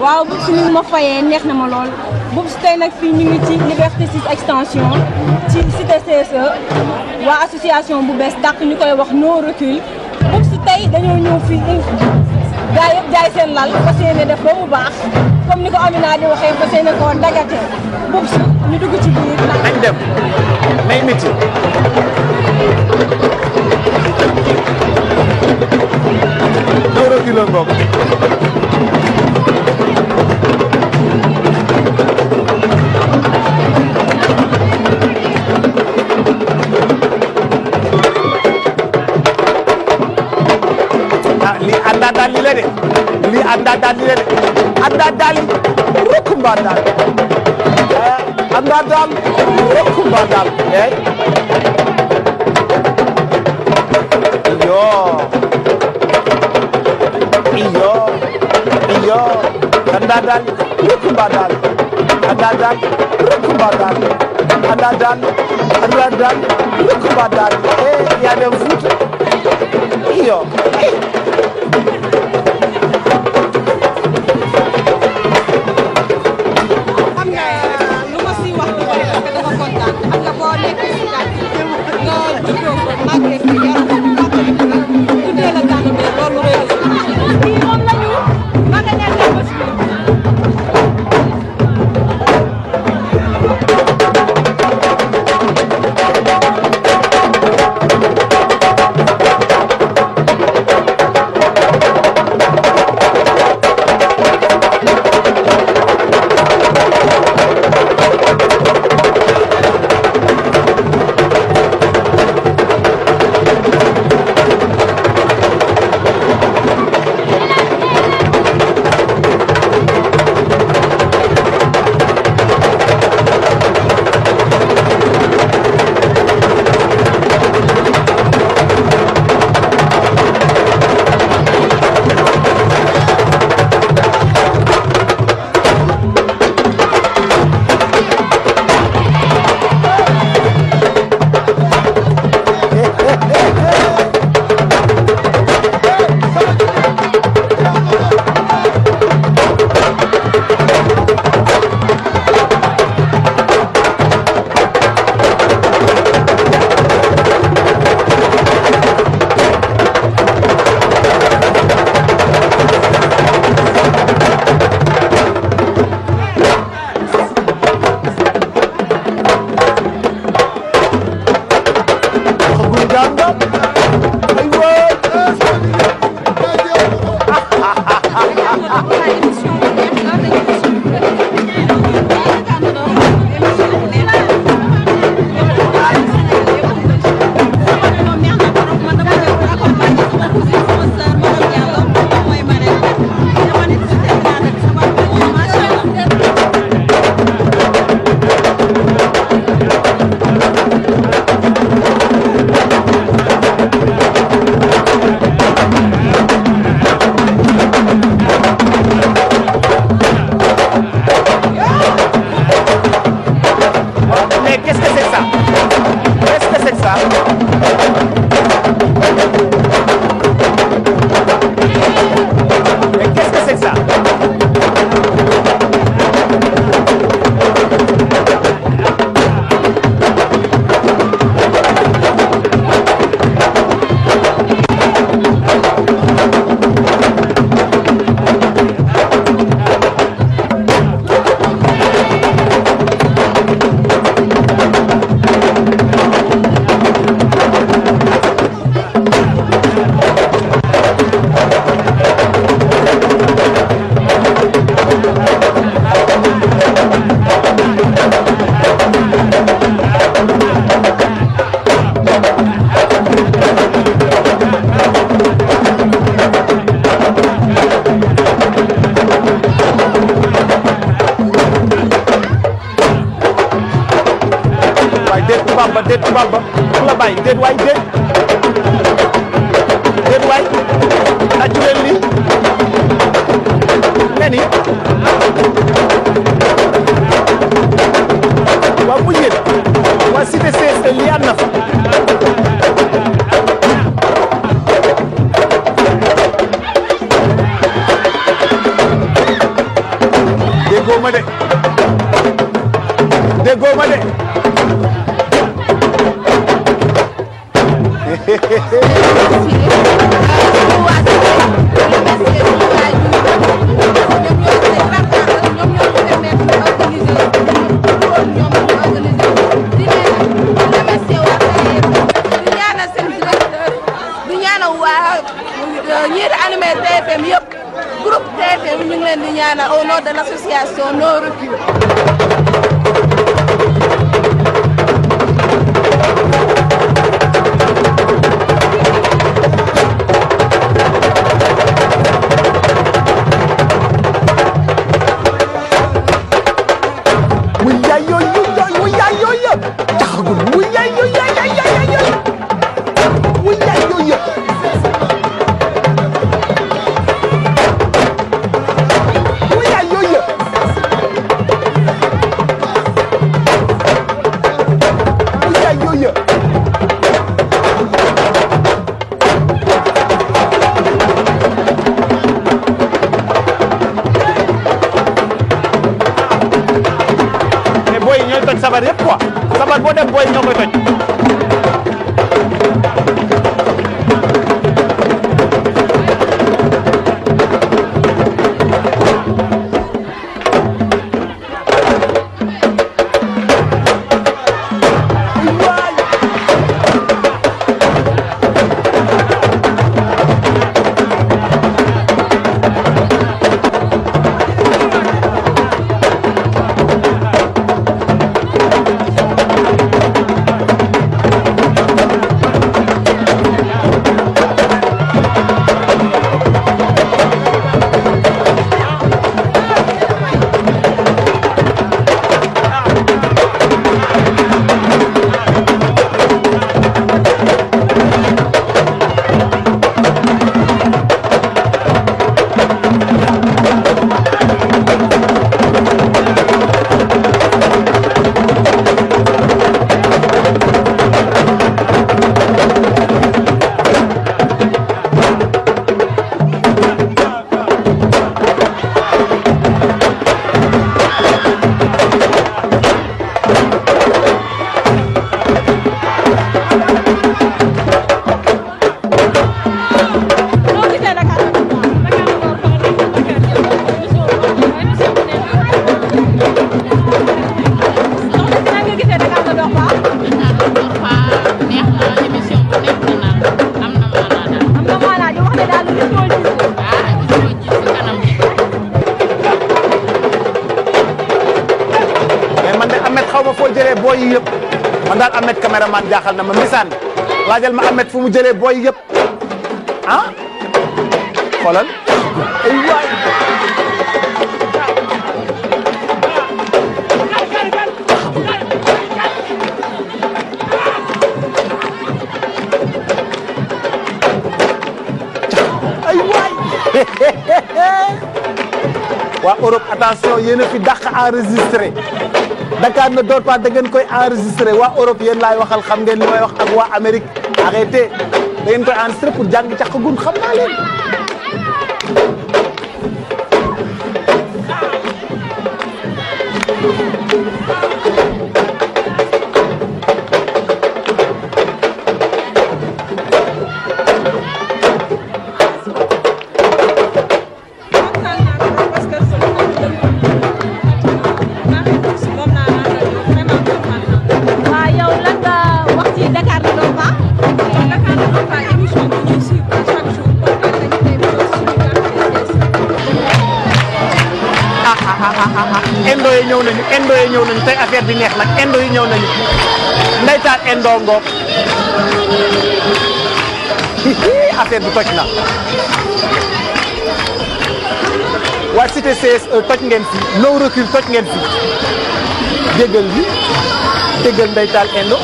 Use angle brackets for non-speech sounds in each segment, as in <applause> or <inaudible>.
waaw Boubs ni ma fayee neex na ma lool Boubs tey nag fii ñu ngi ci Liberté 6 extension ci cité CSE waa association bu bees tàq ñu koy wax no recul tey dañoo ñëw fii gaa yëpp jaay seen lal fas yéene def ba baax comme ni ko Amina di waxee fas yéene koo dagate Boubs ñu dugg ci biir nañ dem may métier no recul la bokk anndire ɗe annda daalim rokku mba dal eh, annda dal rokku mba dal eyyi eh? iyo iyo iyo annda dal rokku mba dal annda dal rokku mba dal annda dal annda dal rokku mba dal e eh, yaden fouta iyo Baba. tubaab ba déet tubaab ba pour la bàyyi déet waay déet déet waay tàccu leen lii nee ni waaw bu yéen waa cité CSE lii ma de <laughs> au nom de l'association No Recul sabar yëpp quoi sabar boo dem booy ñoo koy toj man daal Ahmed caméraman jaaxal na ma misaan laajal ma Ahmed fu mu jëlee booy yëpp ah xoolal ay waay waa Europe attention yéen a fi dàq enregistré Dakar ne dort pas da koy enregistré waa Europe yéen laay waxal xam ngeen li may wax ak waa Amérique arrêté da ngeen koy enregistré pour jàng caq gun xam naa ñëw nañu indo yi ñëw nañu tey affaire bi neex nag indo yi ñëw nañu ndeytaal indo ngoog <laughs> affaire bi toj na waa cité CSE euh, toj ngeen fi no recul toj ngeen fi déggal bi déggal ndeytaal indo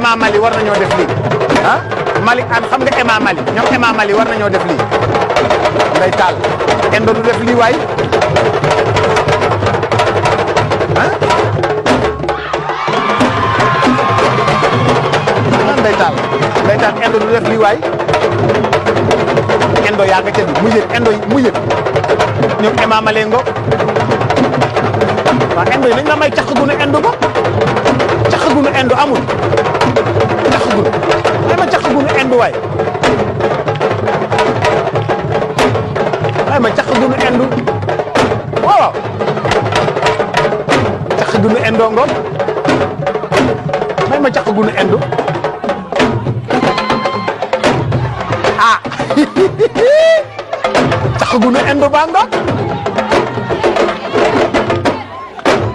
Ema Mali war nañoo def lii ah Mali an ah, xam nga Ema Mali ñoom Ema Mali war nañoo def lii nday taal indo du def lii waay ah ah nday taal nday taal indo du def lii waay indo yaa nga ca di mu yëg indo mu yëg ñoom Ema Mali ngo waaw indo yi nañ la may caq gu ne indo ba caq gu ne indo amul bi waay waaye caq gunu indu waaw caq gunu indoo ngoom may ma caq gunu indu ah caq gunu indu baa ngoom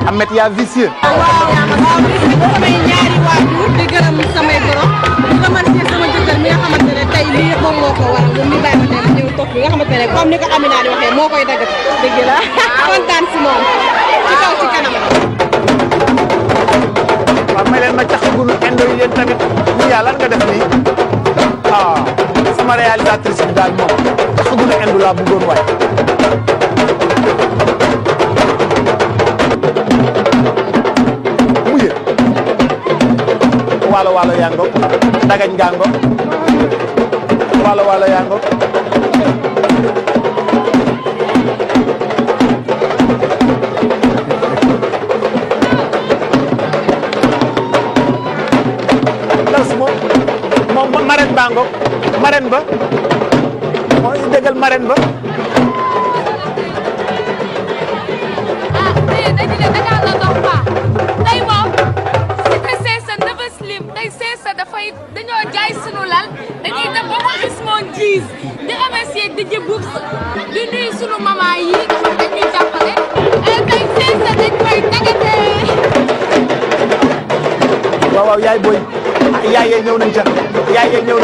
Amet yaa vicieux waaw waaw ñaari waajur di mi nga xamante ne tey lii moom moo ko waral moom mi bàyyi ma tey ñëw toog bi nga xamante ne comme ni ko a di waxee moo koy dagg dëgg la <laughs> kontaan si moom ci kaw ci kanam waaw may leen ma cax gunu indoy yéen tamit ñu yàlla lan nga def nii ah sama réalisatrice bi moom cax gunu indu laa bëggoon waay mu yë waalo waalo yaa dagañ ngaa wala wala yaa ngo las moom moom marraine baa ngo marraine ba mooy dëggal marraine ba dañoo jaay sunu lal dañuy dem ba di jëbbu di nuyu sunu mama yi nga xam ne ñuy jàppale M26 eh, dañ koy tegatee. waaw waaw yaay booy ah, yaay yee ñëw nañ ca yaay yee ñëw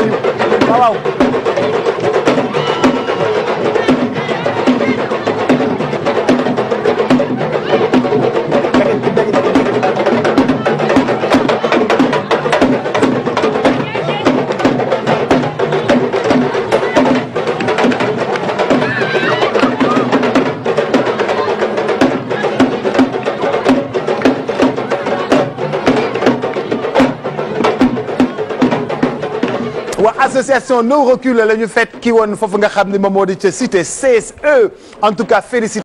l'association No Recul la ñu fête ki woon foofu nga xam ne moom moo di ca cité CSE en tout cas félicité